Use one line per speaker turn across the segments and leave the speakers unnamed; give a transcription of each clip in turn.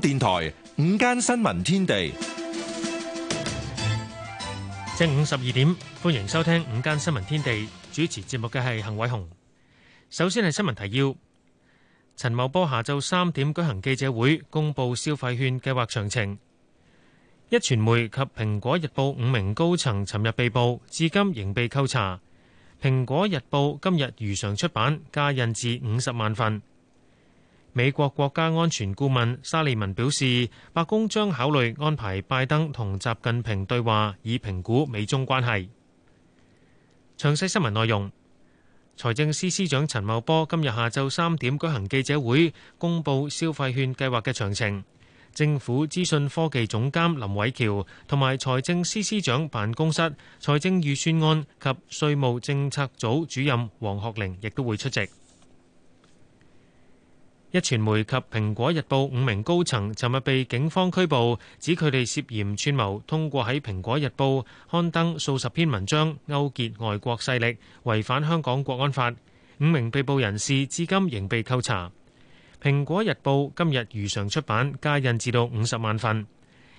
電台午間新聞
天地正午十二點，歡迎收聽午間新聞天地，主持節目嘅係幸偉雄。首先係新聞提要：陳茂波下晝三點舉行記者會，公布消費券計劃詳情。壹傳媒及蘋果日報五名高層尋日被捕，至今仍被扣查。蘋果日報今日如常出版，加印至五十萬份。美國國家安全顧問沙利文表示，白宮將考慮安排拜登同習近平對話，以評估美中關係。詳細新聞內容，財政司司長陳茂波今日下晝三點舉行記者會，公布消費券計劃嘅詳情。政府資訊科技總監林偉喬同埋財政司司長辦公室、財政預算案及稅務政策組主任黃學玲亦都會出席。一傳媒及蘋果日報五名高層尋日被警方拘捕，指佢哋涉嫌串謀，通過喺蘋果日報刊登數十篇文章勾結外國勢力，違反香港國安法。五名被捕人士至今仍被扣查。蘋果日報今日如常出版，加印至到五十萬份。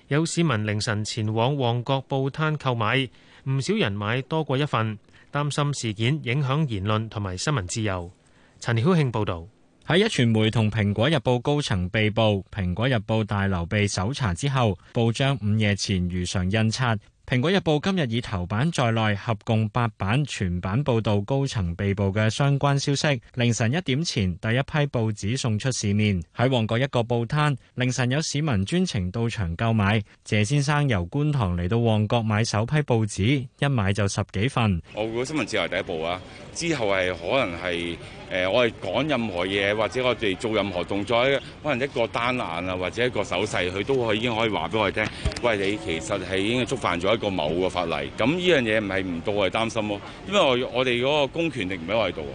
有市民凌晨前往旺角報攤購買，唔少人買多過一份，
擔心事件影響言論同埋新聞自由。陳曉慶報道。喺一傳媒同蘋果日報高層被捕，蘋果日報大樓被搜查之後，報章午夜前如常印刷。《蘋果日報》今日以頭版在內合共八版全版報導高層被捕嘅相關消息。凌晨一點前，第一批報紙送出市面。喺旺角一個報攤，凌晨有市民專程到場購買。謝先生由觀塘嚟到旺角買首批報紙，一買就十幾份。
我估新聞自由第一步啊，之後係可能係誒、呃，我哋講任何嘢，或者我哋做任何動作，可能一個單眼啊，或者一個手勢，佢都可以已經可以話俾我哋聽。喂，你其實係已經觸犯咗。個某個法例，咁呢樣嘢唔係唔到，係擔心咯。因為我我哋嗰個公權力唔喺我度，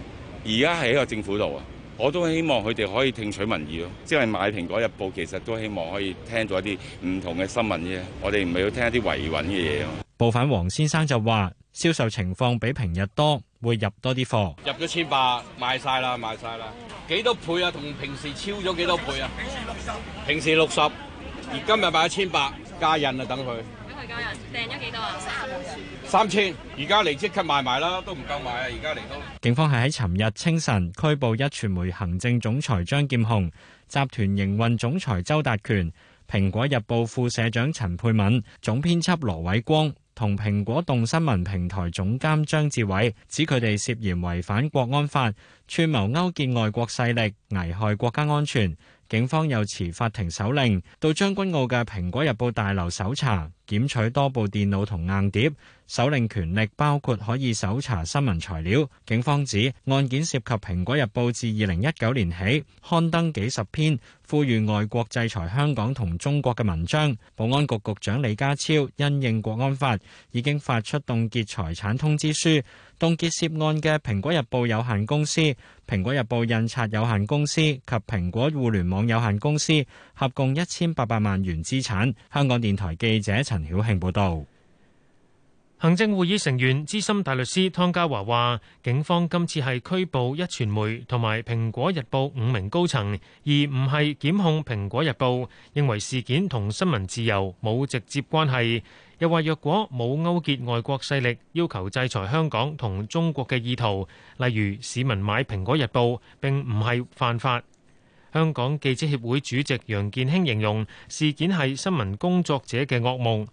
而家係喺個政府度啊。我都希望佢哋可以聽取民意咯。即係買《蘋果日報》，其實都希望可以聽到一啲唔同嘅新聞啫。我哋唔係要聽一啲維穩嘅嘢啊。
報攤黃先生就話：銷售情況比平日多，會入多啲貨。
入咗千八，賣晒啦，賣晒啦。幾多倍啊？同平時超咗幾多倍啊？平時六十，平時六十，平時六十，而今日賣一千八，加印啊，等佢。
訂咗
幾多啊？三千，而家嚟即刻賣埋啦，都唔夠買啊！而家嚟都。
警方係喺尋日清晨拘捕壹傳媒行政總裁張劍虹、集團營運總裁周達權、蘋果日報副社長陳佩敏、總編輯羅偉光同蘋果動新聞平台總監張志偉，指佢哋涉嫌違反國安法，串謀勾結外國勢力，危害國家安全。警方又持法庭手令到將軍澳嘅蘋果日報大樓搜查。檢取多部電腦同硬碟，首領權力包括可以搜查新聞材料。警方指案件涉及《蘋果日報》自2019年起刊登幾十篇呼籲外國制裁香港同中國嘅文章。保安局局長李家超因應《國安法》，已經發出凍結財產通知書，凍結涉案嘅《蘋果日報》有限公司、《蘋果日報印刷有限公司》及《蘋果互聯網有限公司》合共一千八百萬元資產。香港電台記者，陳曉慶報道，行政會議成員資深大律
師湯家驊話，警方今次係拘捕一傳媒同埋《蘋果日報》五名高層，而唔係檢控《蘋果日報》，認為事件同新聞自由冇直接關係，又話若果冇勾結外國勢力要求制裁香港同中國嘅意圖，例如市民買《蘋果日報》並唔係犯法。香港記者協會主席楊健興形容事件係新聞工作者嘅噩夢。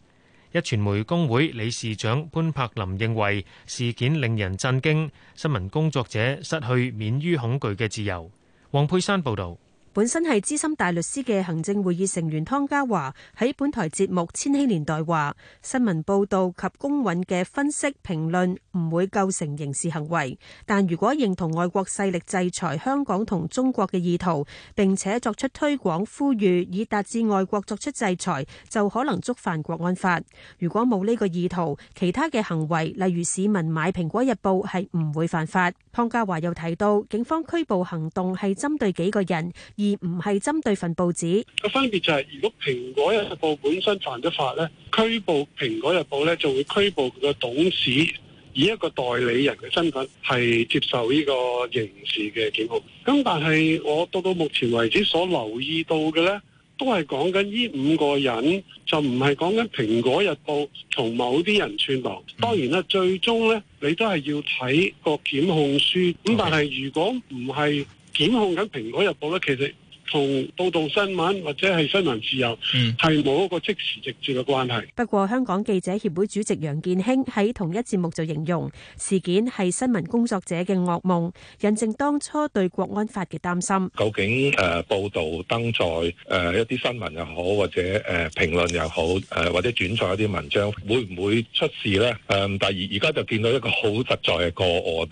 一傳媒工會理事長潘柏霖認為事件令人震驚，新聞工作者失去免於恐懼嘅自由。黃佩珊報導。
本身係資深大律師嘅行政會議成員湯家驊喺本台節目《千禧年代》話：新聞報導及公允嘅分析評論唔會構成刑事行為，但如果認同外國勢力制裁香港同中國嘅意圖，並且作出推廣呼籲以達至外國作出制裁，就可能觸犯國安法。如果冇呢個意圖，其他嘅行為例如市民買《蘋果日報》係唔會犯法。湯家華又提到，警方拘捕行動係針對幾個人，而唔係針對份報紙。
個分別就係，如果蘋果日報本身犯咗法咧，拘捕蘋果日報咧，就會拘捕佢個董事，以一個代理人嘅身份係接受呢個刑事嘅警告。咁但係我到到目前為止所留意到嘅咧。都係講緊呢五個人，就唔係講緊《蘋果日報》同某啲人串謀。當然啦，最終呢，你都係要睇個檢控書。咁但係如果唔係檢控緊《蘋果日報》呢，其實，同報道新聞或者係新聞自由係冇一個即時
直接嘅關係。嗯、
不過香港記者協會主席楊健興喺同一節目就形容事件係新聞工作者嘅噩夢，引證當初對國安法嘅擔心。嗯、
究竟誒、呃、報道登載誒、呃、一啲新聞又好，或者誒、呃、評論又好，誒、呃、或者轉載一啲文章，會唔會出事呢？誒、呃，但而而家就見到一個好實在嘅個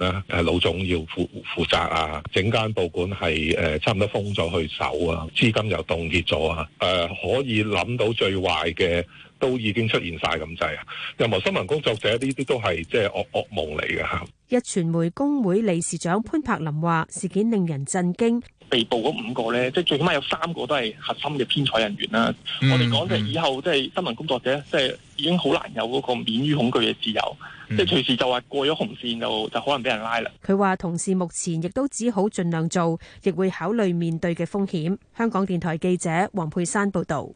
案啦。誒、呃、老總要負負責啊，整間報館係誒差唔多封咗去有啊，資金又凍結咗啊！誒、呃，可以諗到最壞嘅都已經出現晒咁滯啊！任何新聞工作者呢啲都係即係惡惡夢嚟㗎吓。日
傳媒工會理事長潘柏林話：事件令人震驚。
被捕嗰五個呢，即係最起碼有三個都係核心嘅編採人員啦。嗯嗯、我哋講嘅以後，即係新聞工作者，即係已經好難有嗰個免於恐懼嘅自由，嗯、即係隨時就話過咗紅線就就可能俾人拉啦。
佢話同事目前亦都只好盡量做，亦會考慮面對嘅風險。香港電台記者黃佩珊報導。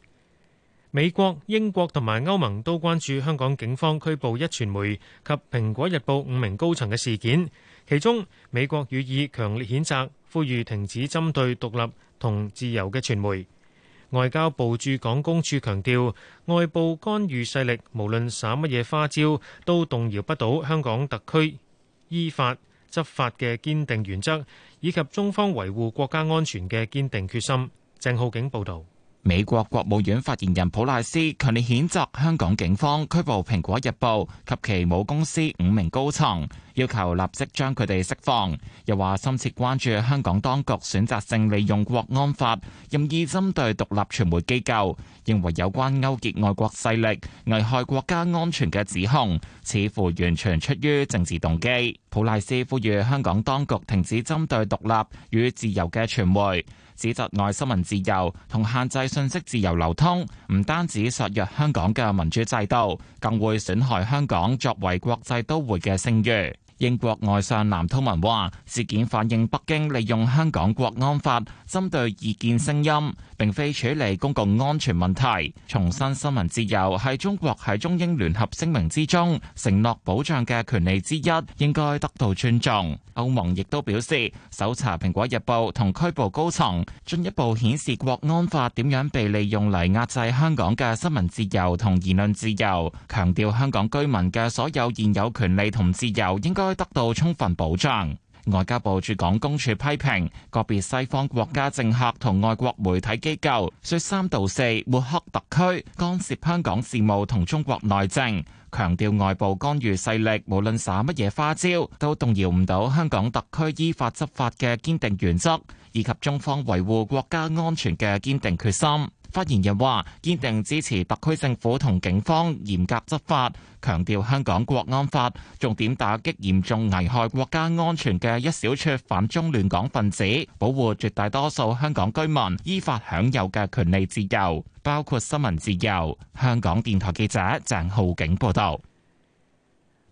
美國、英國同埋歐盟都關注香港警方拘捕一傳媒及《蘋果日報》五名高層嘅事件，其中美國予以強烈譴責，呼籲停止針對獨立同自由嘅傳媒。外交部駐港公署強調，外部干預勢力無論耍乜嘢花招，都動搖不到香港特區依法執法嘅堅定原則，以及中方維護國家安全嘅堅定決心。鄭浩景報導。
美國國務院發言人普賴斯強烈譴責香港警方拘捕《蘋果日報》及其母公司五名高層，要求立即將佢哋釋放。又話深切關注香港當局選擇性利用國安法，任意針對獨立傳媒機構，認為有關勾結外國勢力、危害國家安全嘅指控，似乎完全出於政治動機。普賴斯呼籲香港當局停止針對獨立與自由嘅傳媒。指責礙新聞自由同限制信息自由流通，唔單止削弱香港嘅民主制度，更會損害香港作為國際都會嘅聲譽。英國外相藍韜文話事件反映北京利用香港國安法針對意見聲音，並非處理公共安全問題。重申新聞自由係中國喺中英聯合聲明之中承諾保障嘅權利之一，應該得到尊重。歐盟亦都表示搜查蘋果日報同拘捕高層，進一步顯示國安法點樣被利用嚟壓制香港嘅新聞自由同言論自由。強調香港居民嘅所有現有權利同自由應該得到充分保障。外交部駐港公署批評個別西方國家政客同外國媒體機構說三道四，抹黑特區，干涉香港事務同中國內政，強調外部干預勢力無論耍乜嘢花招，都動搖唔到香港特區依法執法嘅堅定原則，以及中方維護國家安全嘅堅定決心。發言人話：堅定支持特區政府同警方嚴格執法，強調香港國安法重點打擊嚴重危害國家安全嘅一小撮反中亂港分子，保護絕大多數香港居民依法享有嘅權利自由，包括新聞自由。香港電台記者鄭浩景報道。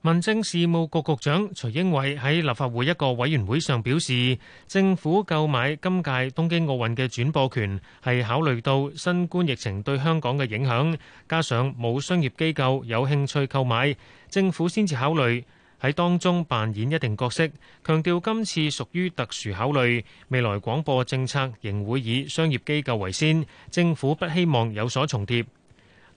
民政事務局局長徐英偉喺立法會一個委員會上表示，政府購買今屆東京奧運嘅轉播權係考慮到新冠疫情對香港嘅影響，加上冇商業機構有興趣購買，政府先至考慮喺當中扮演一定角色。強調今次屬於特殊考慮，未來廣播政策仍會以商業機構為先，政府不希望有所重疊。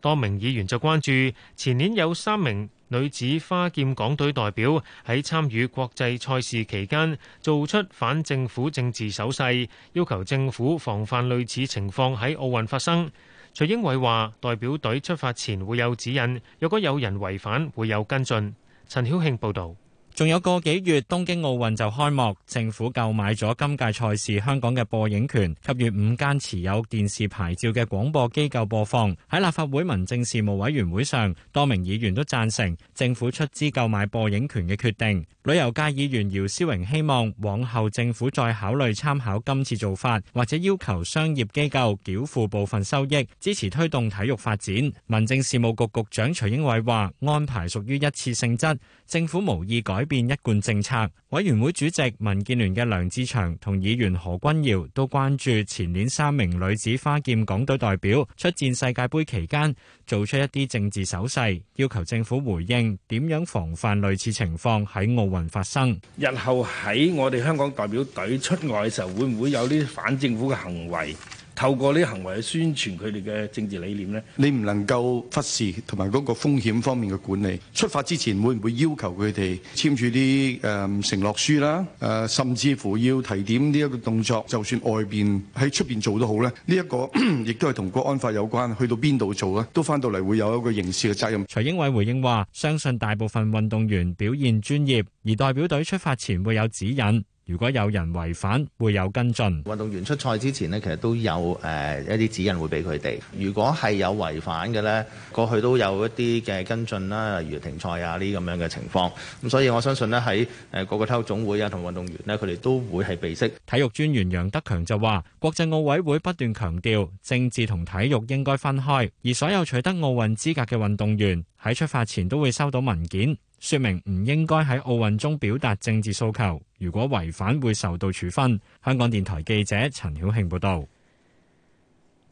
多名議員就關注，前年有三名女子花劍港隊代表喺參與國際賽事期間做出反政府政治手勢，要求政府防範類似情況喺奧運發生。徐英偉話：代表隊出發
前會有指引，若果有人違反，會有跟進。陳曉慶報導。仲有個幾月，東京奧運就開幕。政府購買咗今屆賽事香港嘅播映權，給予五間持有電視牌照嘅廣播機構播放。喺立法會民政事務委員會上，多名議員都贊成政府出資購買播映權嘅決定。旅遊界議員姚思榮希望往後政府再考慮參考今次做法，或者要求商業機構繳付部分收益，支持推動體育發展。民政事務局局長徐英偉話：安排屬於一次性質，政府無意改。改變一貫政策。委員會主席民建聯嘅梁志祥同議員何君堯都關注前年三名女子花劍港隊代表出戰世界杯期間做出一啲政治手勢，要求政府回應點樣防範類似情況喺奧
運發生。日後喺我哋香港代表隊出外嘅時候，會唔會有呢啲反政府嘅行為？透過呢行為去宣傳佢哋嘅政治理念咧，你唔能夠忽視同埋嗰個風險方面嘅管理。出發之前會唔會要求佢哋簽署啲誒承諾書啦？誒、啊，甚至乎要提點呢一個動作，就算外邊喺出邊做好、這個、 都好咧。呢一個亦都係同國安法有關，去到邊度做咧，都返到嚟會有一個刑事嘅責任。
徐英偉回應話：相信大部分運動員表現專業，而代表隊出發前會有指引。如果有人違反，會有跟進。運動員出賽之前呢，其實都有誒、呃、一啲指引會俾佢哋。如果係有違反嘅呢，過去都有一啲嘅跟進啦，例如停賽啊呢咁樣嘅情況。咁所以我相信呢，喺誒個個體育總會啊同運動員呢，佢哋都會係備悉。體育專員楊德強就話：國際奧委會不斷強調政治同體育應該分開，而所有取得奧運資格嘅運動員喺出發前都會收到文件。說明唔應該喺奧運中表達政治訴求，如果違反會受到處分。香港電台記者陳曉慶報道。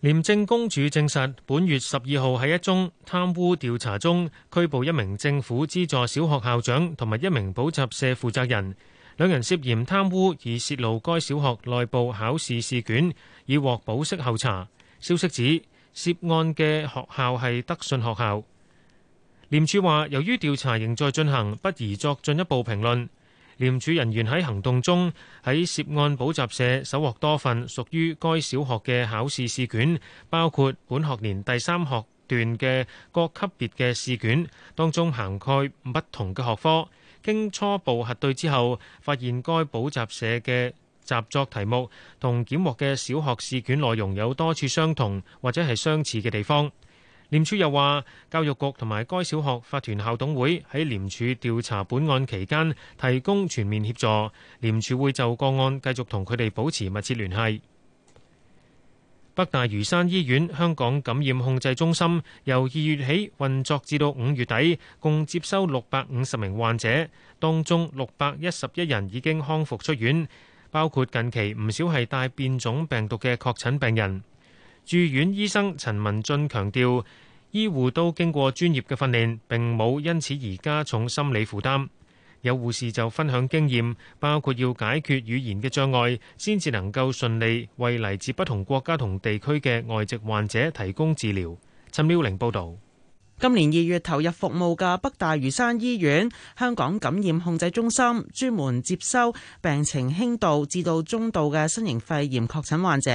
廉政公署證實本月十二號喺一宗貪污調查中拘捕一名政府資助小學校長同埋一名補習社負責人，兩人涉嫌貪污而洩露該小學內部考試試卷，已獲保釋候查。消息指涉案嘅學校係德信學校。廉署話：由於調查仍在進行，不宜作進一步評論。廉署人員喺行動中，喺涉案補習社搜獲多份屬於該小學嘅考試試卷，包括本學年第三學段嘅各級別嘅試卷，當中涵蓋不同嘅學科。經初步核對之後，發現該補習社嘅習作題目同檢獲嘅小學試卷內容有多處相同或者係相似嘅地方。廉署又話，教育局同埋該小學法團校董會喺廉署調查本案期間提供全面協助，廉署會就個案繼續同佢哋保持密切聯繫。北大嶼山醫院香港感染控制中心由二月起運作至到五月底，共接收六百五十名患者，當中六百一十一人已經康復出院，包括近期唔少係帶變種病毒嘅確診病人。住院醫生陳文俊強調，醫護都經過專業嘅訓練，並冇因此而加重心理負擔。有護士就分享經驗，包括要解決語言嘅障礙，先至能夠順利為嚟自不同國家同地區嘅外籍患者提供治療。陳妙玲報導。
今年二月投入服務嘅北大嶼山醫院香港感染控制中心，專門接收病情輕度至到中度嘅新型肺炎確診患者。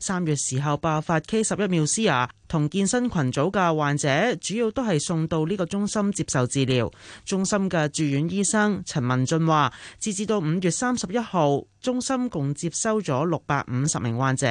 三月時候爆發 K11 Musea。同健身群組嘅患者主要都係送到呢個中心接受治療。中心嘅住院醫生陳文俊話，截至到五月三十一號，中心共接收咗六百五十名患者，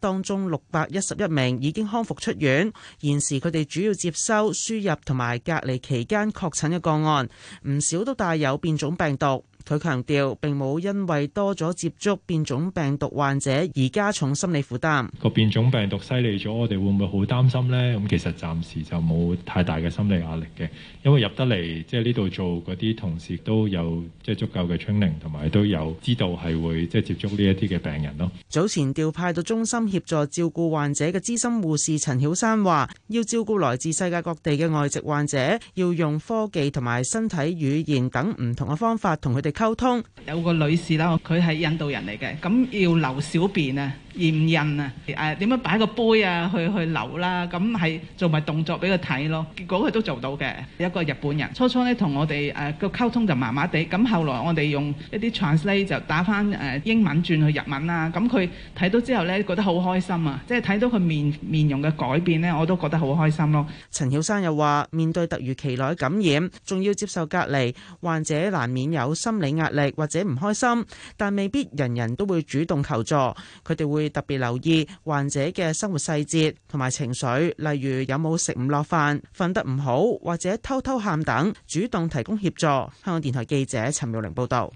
當中六百一十一名已經康復出院。現時佢哋主要接收輸入同埋隔離期間確診嘅個案，唔少都帶有變種病毒。佢強調並冇因為多咗接觸變種病毒患者而加重
心理負擔。個變種病毒犀利咗，我哋會唔會好擔心呢？咁其實暫時就冇太大嘅心理壓力嘅，因為入得嚟即係呢度做嗰啲同事都有即係足夠嘅 training，同埋都有知道係會即係接觸呢一啲嘅病人咯。早前調
派到中心協助照顧患者嘅資深護士陳曉山話，要照顧來自世界各地嘅外籍患者，要用科技同埋身體語言等唔同嘅方法同佢哋溝通。有個女士啦，佢係印度人嚟嘅，咁要留小便啊。驗孕啊，誒點樣擺個杯啊，去去流啦，咁係做埋動作俾佢睇咯。結果佢都做到嘅，有一個日本人。初初呢同我哋誒個溝通就麻麻地，咁後來我哋用一啲 translate 就打返誒英文轉去日文啦。咁佢睇到之後呢，覺得好開心啊！即係睇到佢面面容嘅改變呢，我都覺得好開心咯。陳曉生又話：面對突如其來感染，仲要接受隔離，患者難免有心理壓力或者唔開心，但未必人人都會主動求助，佢哋會。特別留意患者嘅生活細節同埋情緒，例如有冇食唔落飯、瞓得唔好或者偷偷喊等，主動提供協助。香港電台記者陳玉玲報道。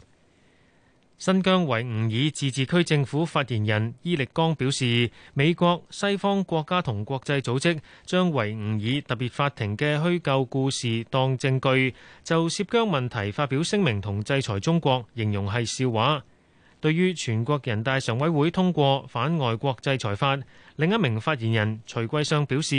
新疆維吾爾自治區政府發言人伊力江表示，美國西方國家同國際組織將維吾爾特別法庭嘅虛構故事當證據，就涉疆問題發表聲明同制裁中國，形容係笑話。對於全國人大常委會通過反外國制裁法，另一名發言人徐桂湘表示，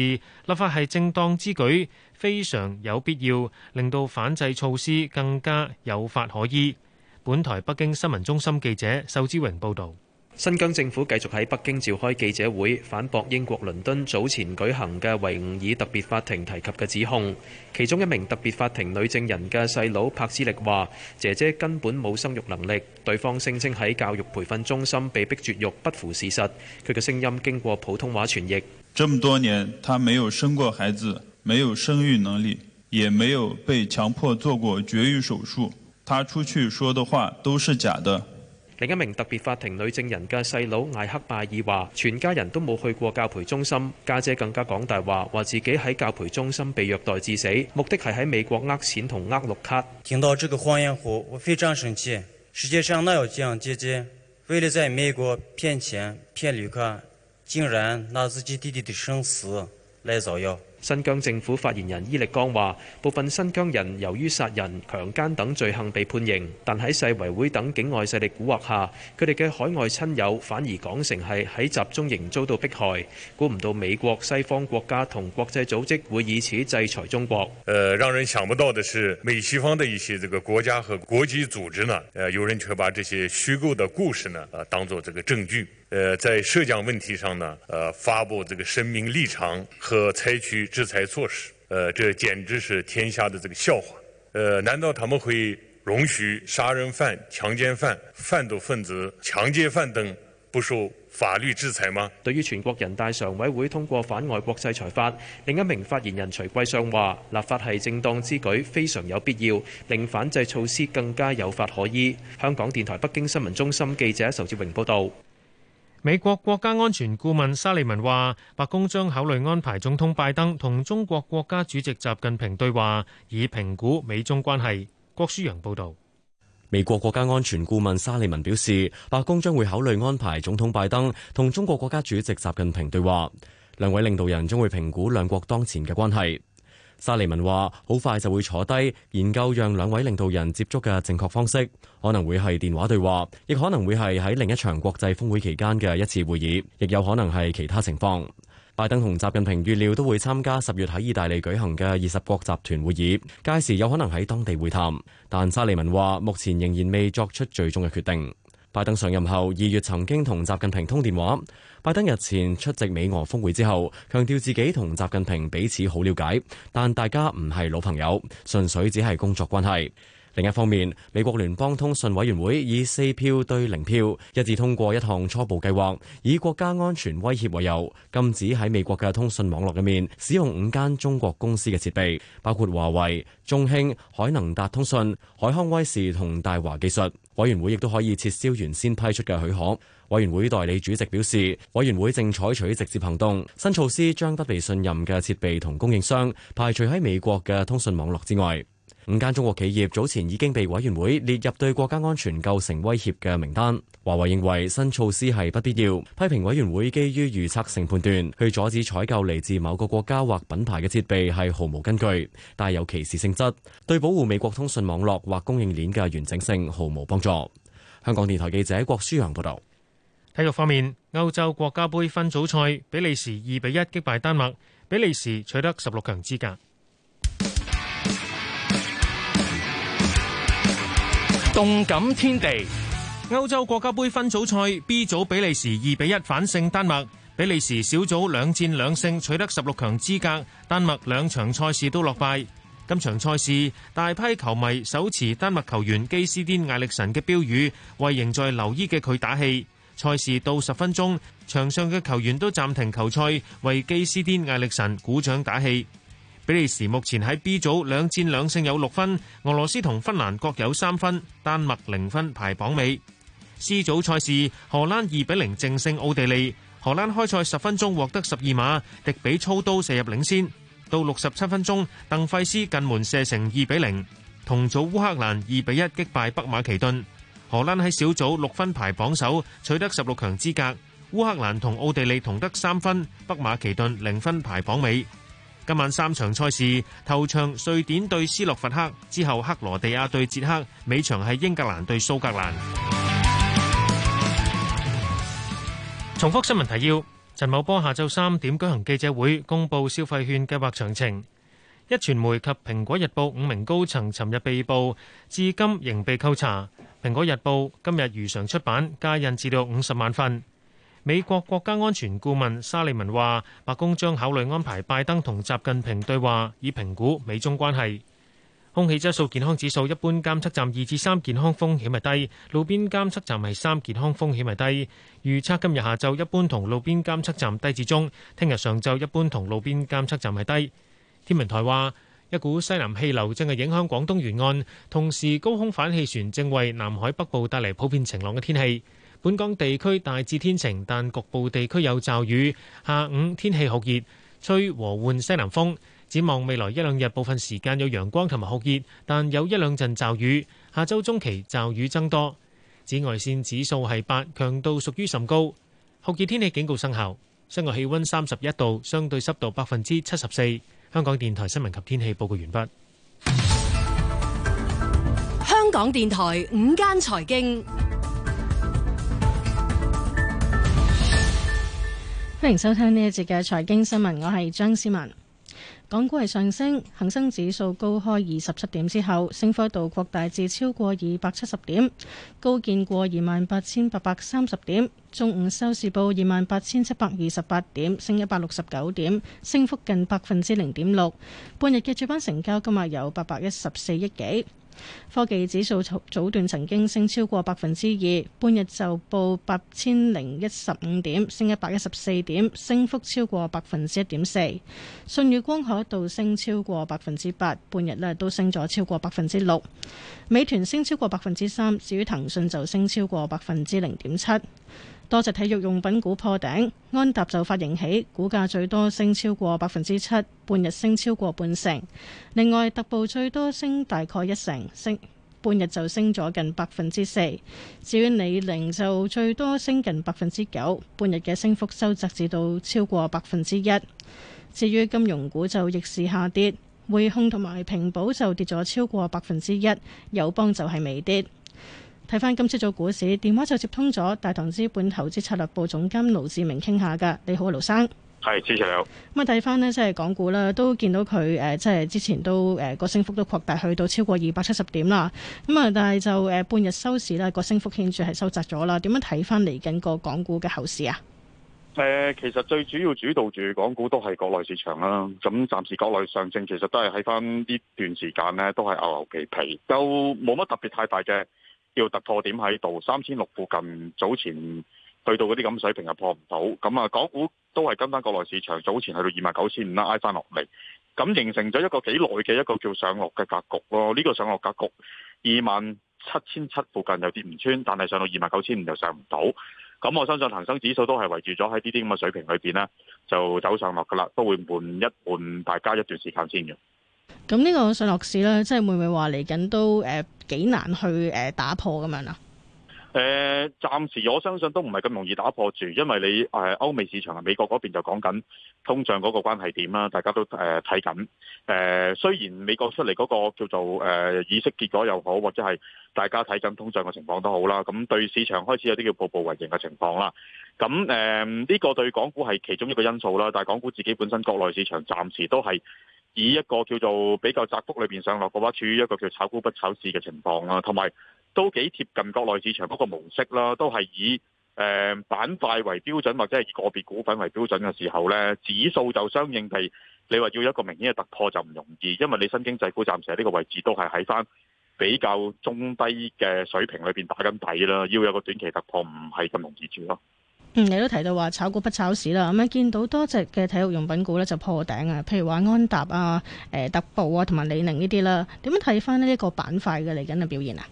立法係正當之舉，非常有必要，令到反制措施更加有法可依。本台北京新聞中心記者秀之榮報導。
新疆政府繼續喺北京召開記者會，反駁英國倫敦早前舉行嘅維吾爾特別法庭提及嘅指控。其中一名特別法庭女證人嘅細佬柏斯力話，姐姐根本冇生育能力，對方聲稱喺教育培訓中心被逼絕育，不符事實。佢嘅聲音經過普通話傳譯。
這麼多年，她沒有生過孩子，沒有生育能力，也沒有被強迫做過絕育手術。她出去說的話都是假的。
另一名特別法庭女證人嘅細佬艾克拜爾話，全家人都冇去過教培中心，家姐更加講大話，話自己喺教培中心被虐待致死，目的係喺美國呃錢同呃綠卡。
聽到這個謊言後，我非常生氣，世界上哪有這樣姐姐？為了在美國騙錢騙旅客，竟然拿自己弟弟的生死
來造謠。新疆政府發言人伊力江話：部分新疆人由於殺人、強姦等罪行被判刑，但喺世維會等境外勢力蠱惑下，佢哋嘅海外親友反而講成係喺集中營遭到迫害。估唔到美國、西方國家同國際組織會以此制裁中國。呃，讓人想不到的是，美西方的一些這個國家和國際組織呢，呃，有人卻把這些虛構的故事呢，呃，當作這個證據。呃，在涉
疆問題上呢，呃，發布這個聲明立場和採取制裁措施，呃，這簡直是天下的這個笑話。呃，難道他們會容許殺
人犯、強姦犯、販毒分子、搶劫犯等不受法律制裁嗎？對於全國人大常委會通過反外國制裁法，另一名發言人徐桂尚話：立法係正當之舉，非常有必要，令反制措施更加有法可依。香港電台北京新聞中心記者仇志榮報道。
美國國家安全顧問沙利文話，白宮將考慮安排總統拜登同中國國家主席習近平對話，以評估美中關係。郭舒陽報道。
美國國家安全顧問沙利文表示，白宮將會考慮安排總統拜登同中國國家主席習近平對話，兩位領導人將會評估兩國當前嘅關係。沙利文話：好快就會坐低研究，讓兩位領導人接觸嘅正確方式，可能會係電話對話，亦可能會係喺另一場國際峰會期間嘅一次會議，亦有可能係其他情況。拜登同習近平預料都會參加十月喺意大利舉行嘅二十國集團會議，屆時有可能喺當地會談。但沙利文話，目前仍然未作出最終嘅決定。拜登上任後，二月曾經同習近平通電話。拜登日前出席美俄峰會之後，強調自己同習近平彼此好了解，但大家唔係老朋友，純粹只係工作關係。另一方面，美國聯邦通訊委員會以四票對零票一致通過一項初步計劃，以國家安全威脅為由，禁止喺美國嘅通訊網絡入面使用五間中國公司嘅設備，包括華為、中興、海能達通訊、海康威視同大華技術。委員會亦都可以撤銷原先批出嘅許可。委員會代理主席表示，委員會正採取直接行動，新措施將不被信任嘅設備同供應商排除喺美國嘅通訊網絡之外。五間中國企業早前已經被委員會列入對國家安全構成威脅嘅名單。華為認為新措施係不必要，批評委員會基於預測性判斷去阻止採購嚟自某個國家或品牌嘅設備係毫無根據，帶有歧視性質，對保護美國通訊網絡或供應鏈嘅完整性毫無幫助。香港電台記者郭舒陽報道。
體育方面，歐洲國家杯分組賽，比利時二比一擊敗丹麥，比利時取得十六強資格。
動
感天地，歐洲國家杯分組賽 B 組，比利時二比一反勝丹麥，比利時小組兩戰兩勝取得十六強資格，丹麥兩場賽事都落敗。今場賽事，大批球迷手持丹麥球員基斯丁艾力神嘅標語，為仍在留醫嘅佢打氣。賽事到十分鐘，場上嘅球員都暫停球賽，為基斯甸艾力神鼓掌打氣。比利時目前喺 B 組兩戰兩勝有六分，俄羅斯同芬蘭各有三分，丹麥零分排榜尾。C 組賽事，荷蘭二比零淨勝奧地利。荷蘭開賽十分鐘獲得十二碼，迪比操刀射入領先。到六十七分鐘，鄧費斯近門射成二比零。同組烏克蘭二比一擊敗北馬其頓。荷蘭喺小組六分排榜首，取得十六強資格。烏克蘭同奧地利同得三分，北馬其頓零分排榜尾。今晚三場賽事，頭場瑞典對斯洛伐克，之後克羅地亞對捷克，尾場係英格蘭對蘇格蘭。重複新聞提要：陳茂波下晝三點舉行記者會，公布消費券計劃詳情。一傳媒及蘋果日報五名高層尋日被捕，至今仍被扣查。蘋果日報今日如常出版，加印至到五十萬份。美國國家安全顧問沙利文話，白宮將考慮安排拜登同習近平對話，以評估美中關係。空氣質素健康指數一般監測站二至三健康風險係低，路邊監測站係三健康風險係低。預測今日下晝一般同路邊監測站低至中，聽日上晝一般同路邊監測站係低，低。天文台話一股西南氣流正係影響廣東沿岸，同時高空反氣旋正為南海北部帶嚟普遍晴朗嘅天氣，本港地區大致天晴，但局部地區有驟雨。下午天氣酷熱，吹和緩西南風，展望未來一兩日，部分時間有陽光同埋酷熱，但有一兩陣驟雨。下周中期驟雨增多。紫外線指數係八，強度屬於甚高。酷熱天氣警告生效。室外氣溫三十一度，相對濕度百分之七十四。香港電台新聞及天氣報告完畢。
香港電台午
間財經，歡迎收聽呢一節嘅財經新聞，我係張思文。港股係上升，恒生指數高開二十七點之後，升幅一度擴大至超過二百七十點，高見過二萬八千八百三十點。中午收市報二萬八千七百二十八點，升一百六十九點，升幅近百分之零點六。半日嘅主板成交金額有八百一十四億幾。科技指數早早段曾經升超過百分之二，半日就報八千零一十五點，升一百一十四點，升幅超過百分之一點四。信義光能一度升超過百分之八，半日呢都升咗超過百分之六。美團升超過百分之三，至於騰訊就升超過百分之零點七。多隻體育用品股破頂，安踏就發型起，股價最多升超過百分之七，半日升超過半成。另外，特步最多升大概一成，升半日就升咗近百分之四。至於李寧就最多升近百分之九，半日嘅升幅收窄至到超過百分之一。至於金融股就逆市下跌，匯控同埋平保就跌咗超過百分之一，友邦就係微跌。睇翻今朝早股市，電話就接通咗大同資本投資策略部總監盧志明傾下噶。你好，盧生。
係，多謝你。咁
啊，睇翻呢即係港股啦，都見到佢誒，即、呃、係之前都誒個升幅都擴大去到超過二百七十點啦。咁啊，但係就誒、呃、半日收市咧，個升幅顯著係收窄咗啦。點樣睇翻嚟緊個港股嘅後市啊？
誒、呃，其實最主要主導住港股都係國內市場啦。咁暫時國內上證其實都係喺翻呢段時間呢，都係牛牛皮皮，就冇乜特別太大嘅。要突破點喺度，三千六附近，早前去到嗰啲咁水平又破唔到，咁啊，港股都係跟翻國內市場，早前去到二萬九千五啦，挨翻落嚟，咁形成咗一個幾耐嘅一個叫上落嘅格局咯。呢個上落格局二萬七千七附近又跌唔穿，但係上到二萬九千五又上唔到，咁我相信恒生指數都係圍住咗喺呢啲咁嘅水平裏邊咧，就走上落噶啦，都會悶一悶大家一段時間先嘅。
咁呢個上落市咧，即係會唔會話嚟緊都誒幾難去誒打破咁樣啊？
誒，暫時我相信都唔係咁容易打破住，因為你誒歐、呃、美市場啊，美國嗰邊就講緊通脹嗰個關係點啦，大家都誒睇緊。誒、呃呃，雖然美國出嚟嗰個叫做誒議息結果又好，或者係大家睇緊通脹嘅情況都好啦，咁對市場開始有啲叫步步為營嘅情況啦。咁誒呢個對港股係其中一個因素啦，但係港股自己本身國內市場暫時都係。以一個叫做比較窄幅裏邊上落嘅話，處於一個叫炒股不炒市嘅情況啦，同埋都幾貼近國內市場嗰個模式啦，都係以誒、呃、板塊為標準或者係以個別股份為標準嘅時候呢，指數就相應地，你話要一個明顯嘅突破就唔容易，因為你新經濟股暫時喺呢個位置都係喺翻比較中低嘅水平裏邊打緊底啦，要有個短期突破唔係咁容易住咯。
嗯，你都提到話炒股不炒市啦，咁樣見到多隻嘅體育用品股咧就破頂啊，譬如話安踏啊、誒、呃、特步啊同埋李寧呢啲啦，點樣睇翻呢一個板塊嘅嚟緊嘅表現啊？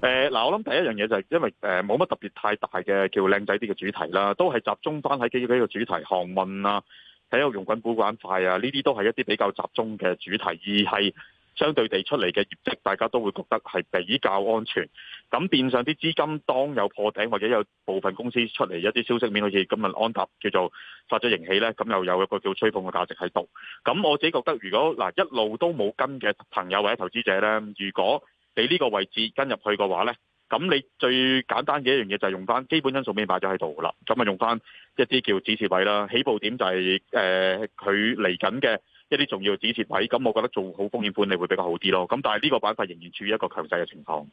誒，嗱，我諗第一樣嘢就係因為誒冇乜特別太大嘅叫靚仔啲嘅主題啦，都係集中翻喺幾個主題航運啊、體育用品股板塊啊，呢啲都係一啲比較集中嘅主題，而係。相對地出嚟嘅業績，大家都會覺得係比較安全。咁變相啲資金當有破頂或者有部分公司出嚟一啲消息面，好似咁啊安踏叫做發咗盈喜呢，咁又有一個叫吹捧嘅價值喺度。咁我自己覺得，如果嗱、啊、一路都冇跟嘅朋友或者投資者呢，如果你呢個位置跟入去嘅話呢，咁你最簡單嘅一樣嘢就係用翻基本因素面擺咗喺度嘅啦。咁啊用翻一啲叫支持位啦，起步點就係誒佢嚟緊嘅。呃一啲重要指示位，咁我覺得做好風險管理會比較好啲咯。咁但係呢個板塊仍然處於一個強勢嘅情況。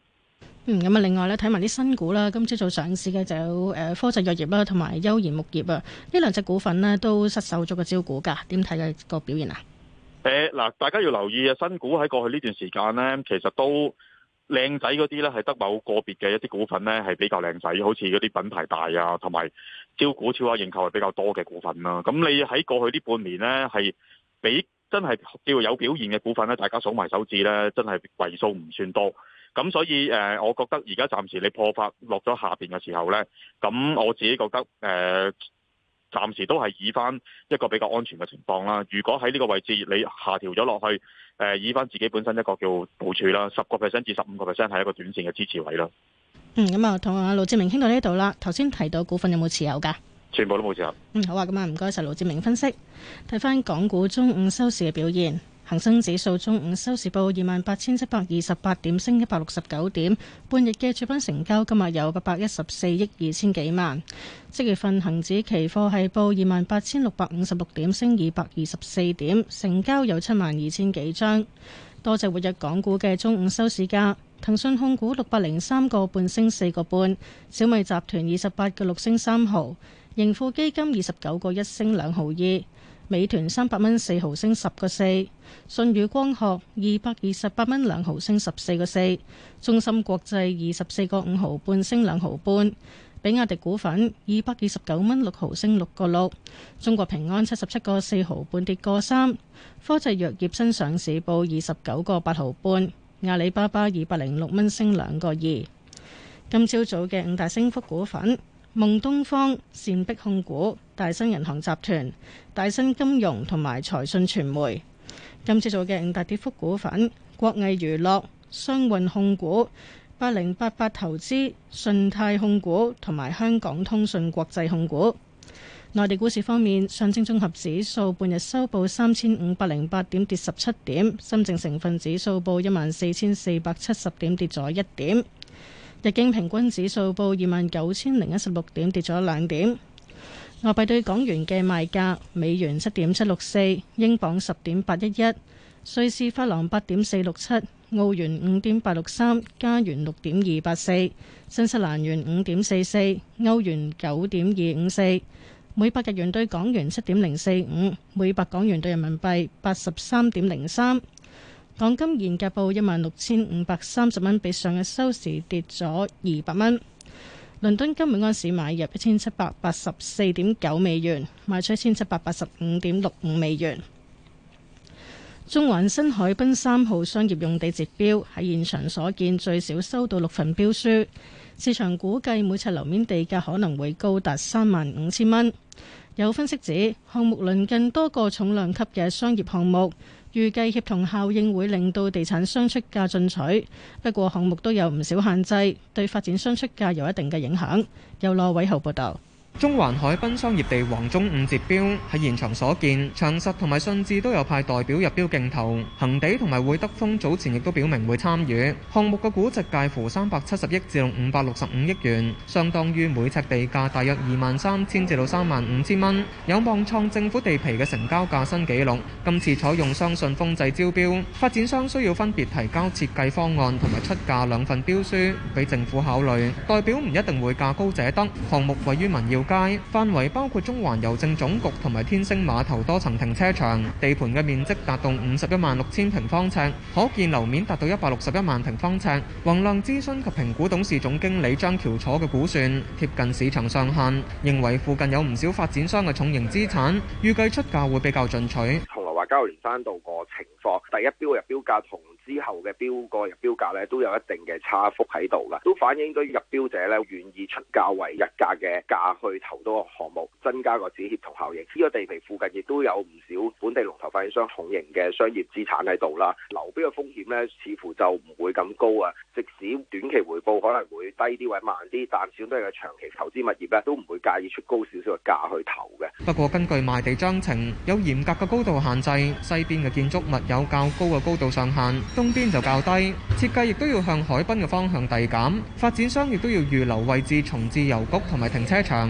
嗯，咁啊，另外咧睇埋啲新股啦，今朝早上，上市嘅就有誒、呃、科濟藥業啦，同埋優然牧業啊，呢兩隻股份咧都失手咗個招股價，點睇嘅個表現啊？
誒嗱、呃，大家要留意啊，新股喺過去呢段時間咧，其實都靚仔嗰啲咧，係得某個別嘅一啲股份咧係比較靚仔，好似嗰啲品牌大啊，同埋招股超額認購係比較多嘅股份啦、啊。咁你喺過去呢半年咧係。俾真係叫有表現嘅股份咧，大家數埋手指咧，真係為數唔算多。咁所以誒，我覺得而家暫時你破發落咗下邊嘅時候咧，咁我自己覺得誒、呃，暫時都係以翻一個比較安全嘅情況啦。如果喺呢個位置你下調咗落去，誒以翻自己本身一個叫部署啦，十個 percent 至十五個 percent 係一個短線嘅支持位啦。
嗯，咁啊，同阿盧志明傾到呢度啦。頭先提到股份有冇持有㗎？
全
部都冇入。嗯，好啊。咁啊，今晚唔該晒。盧志明分析睇翻港股中午收市嘅表現。恒生指數中午收市報二萬八千七百二十八點，升一百六十九點。半日嘅主板成交今日有八百一十四億二千幾萬。即月份恒指期貨係報二萬八千六百五十六點，升二百二十四點。成交有七萬二千幾張。多隻活躍港股嘅中午收市價：騰訊控股六百零三個半升四個半，小米集團二十八個六升三毫。盈富基金二十九個一升兩毫二，美團三百蚊四毫升十個四，舜宇光學二百二十八蚊兩毫升十四個四，中芯國際二十四個五毫半升兩毫半，比亞迪股份二百二十九蚊六毫升六個六，中國平安七十七個四毫半跌個三，科技藥業新上市報二十九個八毫半，阿里巴巴二百零六蚊升兩個二，今朝早嘅五大升幅股份。夢東方、善璧控股、大新銀行集團、大新金融同埋財信傳媒。今次做嘅五大跌幅股份：國藝娛樂、商運控股、八零八八投資、信貸控股同埋香港通訊國際控股。內地股市方面，上證綜合指數半日收報三千五百零八點，跌十七點；深證成分指數報一萬四千四百七十點，跌咗一點。日經平均指數報二萬九千零一十六點，跌咗兩點。外幣對港元嘅賣價：美元七點七六四，英鎊十點八一一，瑞士法郎八點四六七，澳元五點八六三，加元六點二八四，新西蘭元五點四四，歐元九點二五四，每百日元對港元七點零四五，每百港元對人民幣八十三點零三。港金現價報一萬六千五百三十蚊，比上日收市跌咗二百蚊。倫敦金每盎司買入一千七百八十四點九美元，賣出一千七百八十五點六五美元。中環新海濱三號商業用地截標，喺現場所見最少收到六份標書，市場估計每尺樓面地價可能會高達三萬五千蚊。有分析指，項目鄰近多個重量級嘅商業項目。預計協同效應會令到地產商出價進取，不過項目都有唔少限制，對發展商出價有一定嘅影響。由羅偉豪報導。
中環海濱商業地王中午截標，喺現場所見，長實同埋信置都有派代表入標競投，恒地同埋會德豐早前亦都表明會參與。項目嘅估值介乎三百七十億至五百六十五億元，相當於每尺地價大約二萬三千至到三萬五千蚊，有望創政府地皮嘅成交價新紀錄。今次採用雙信封制招標，發展商需要分別提交設計方案同埋出價兩份標書俾政府考慮，代表唔一定會價高者得。項目位於民耀街範圍包括中環郵政總局同埋天星碼頭多層停車場，地盤嘅面積達到五十一萬六千平方尺，可見樓面達到一百六十一萬平方尺。宏亮諮詢及評估董事總經理張喬楚嘅估算貼近市場上限，認為附近有唔少發展商嘅重型資產，預計出價會比較進取。
從來話加路連山道個情況，第一標入標價同之後嘅標個入標價咧都有一定嘅差幅喺度嘅，都反映咗入標者咧願意出價為入價嘅價去。去投多個項目，增加個子協同效應。呢個地皮附近亦都有唔少本地龍頭發展商統營嘅商業資產喺度啦。樓邊嘅風險呢，似乎就唔會咁高啊。即使短期回報可能會低啲或慢啲，但少都係個長期投資物業呢，都唔會介意出高少少嘅價去投
嘅。不過，根據賣地章程，有嚴格嘅高度限制，西邊嘅建築物有較高嘅高度上限，東邊就較低。設計亦都要向海濱嘅方向遞減，發展商亦都要預留位置重置郵局同埋停車場。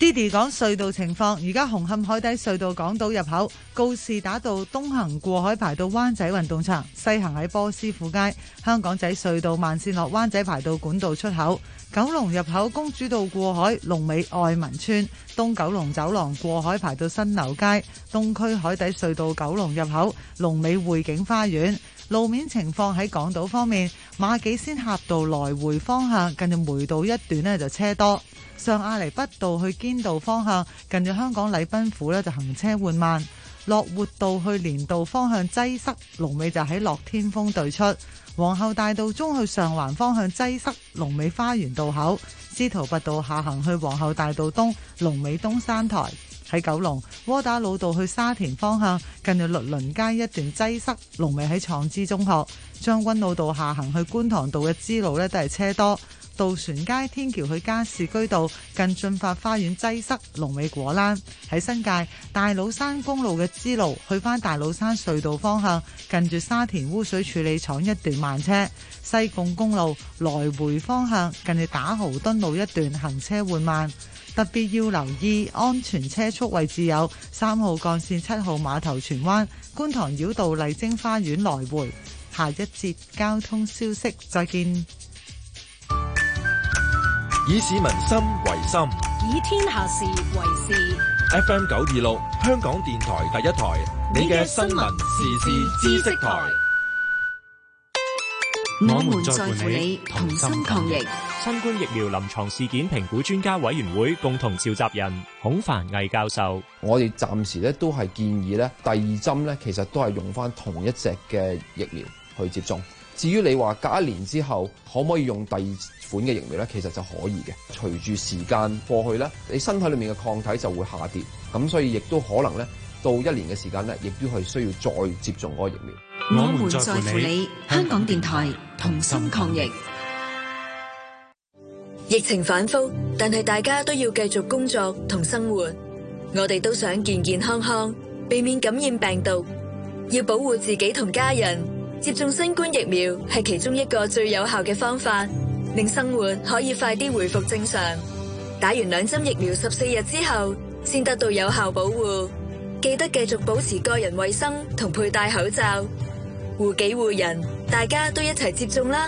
d i d 講隧道情況，而家紅磡海底隧道港島入口告士打道東行過海排到灣仔運動場，西行喺波斯富街；香港仔隧道慢線落灣仔排到管道出口，九龍入口公主道過海龍尾愛民村，東九龍走廊過海排到新樓街，東區海底隧道九龍入口龍尾匯景花園。路面情況喺港島方面，馬己仙峽道來回方向近住梅道一段呢就車多。上亞厘畢道去堅道方向，近住香港禮賓府呢就行車緩慢；樂活道去連道方向擠塞，龍尾就喺樂天峰對出；皇后大道中去上環方向擠塞，龍尾花園道口；司徒拔道下行去皇后大道東，龍尾東山台喺九龍；窩打老道去沙田方向，近住律倫街一段擠塞，龍尾喺創資中學；將軍澳道下行去觀塘道嘅支路呢，都係車多。渡船街天橋去加士居道，近駿發花園擠塞，龍尾果欄；喺新界大老山公路嘅支路去返大老山隧道方向，近住沙田污水處理廠一段慢車；西貢公路來回方向近住打豪敦路一段行車緩慢。特別要留意安全車速位置有三號幹線、七號碼頭、荃灣、觀塘繞道、麗晶花園來回。下一節交通消息，再見。
以市民心為心，
以天下事為事。
FM 九二六，香港電
台第一台，你嘅新聞時事知識台。我們在乎你，同心抗疫。同同新冠疫苗臨牀事件評
估專家委員會共同召集人孔繁毅教授，
我哋暫時咧都係建議咧，第二針咧其實都係用翻同一隻嘅疫苗去接種。至於你話隔一年之後可唔可以用第二款嘅疫苗呢？其實就可以嘅。隨住時間過去咧，你身體裏面嘅抗體就會下跌，咁所以亦都可能咧，到一年嘅時間咧，亦都係需要再接種嗰個疫苗。我們在乎你，
香港電台同心抗疫。疫情反覆，但係大家都要繼續工作同生活。我哋都想健健康康，避免感染病毒，要保護自己同家人。接種新冠疫苗係其中一個最有效嘅方法，令生活可以快啲回復正常。打完兩針疫苗14日之後，先得到有效保護。記得繼續保持個人衛生同佩戴口罩，護己護人，大家都一齊接種啦。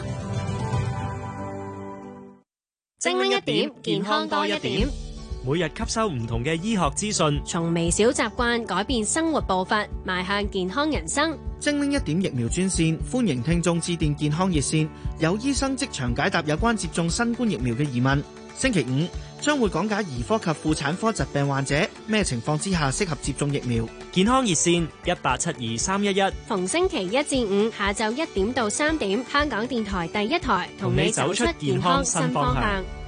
精靈一點，健康多一點。
每日吸收唔同嘅醫學資訊，從微
小習慣改變生活步伐，邁向健康人生。精靈
一點疫苗專線，歡迎聽眾致電健康熱線，有醫生即場解答有關接種新冠疫苗嘅疑問。星期五將會講解兒科及婦產科疾病患者咩情況之下適合接種疫苗。健康熱線
一八七二三一一，
逢星期一至五下晝一點到三點，香港電台第一台同你走出健康新方向。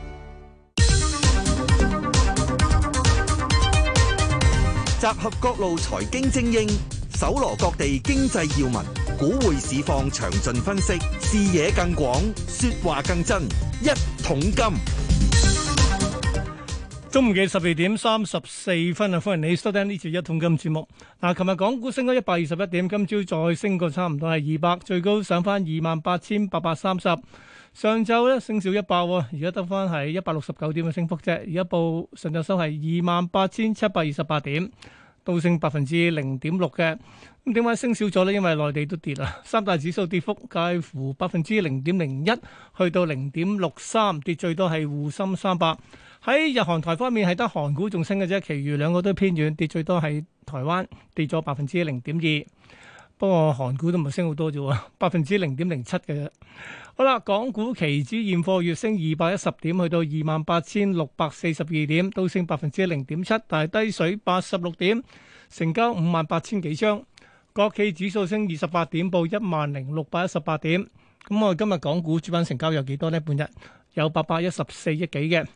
集合各路財經精英，搜羅各地經濟要聞，股匯市況詳盡分析，
視野更廣，說話更真。一桶金，中午嘅十二點三十四分啊！歡迎你收聽呢次一桶金節目。嗱、啊，琴日港股升咗一百二十一點，今朝再升個差唔多係二百，最高上返二萬八千八百三十。上晝咧升少一百，而家得返係一百六十九點嘅升幅啫。而家報上晝收係二萬八千七百二十八點，到升百分之零點六嘅。咁點解升少咗呢？因為內地都跌啦，三大指數跌幅介乎百分之零點零一去到零點六三，跌最多係滬深三百。喺日韓台方面，係得韓股仲升嘅啫，其餘兩個都偏遠，跌最多係台灣跌咗百分之零點二。不過韓股都唔係升好多啫，百分之零點零七嘅。好啦，港股期指現貨月升二百一十點，去到二萬八千六百四十二點，都升百分之零點七，但係低水八十六點，成交五萬八千幾張。國企指數升二十八點，報一萬零六百一十八點。咁我哋今日港股主板成交有幾多呢？半日有八百一十四億幾嘅。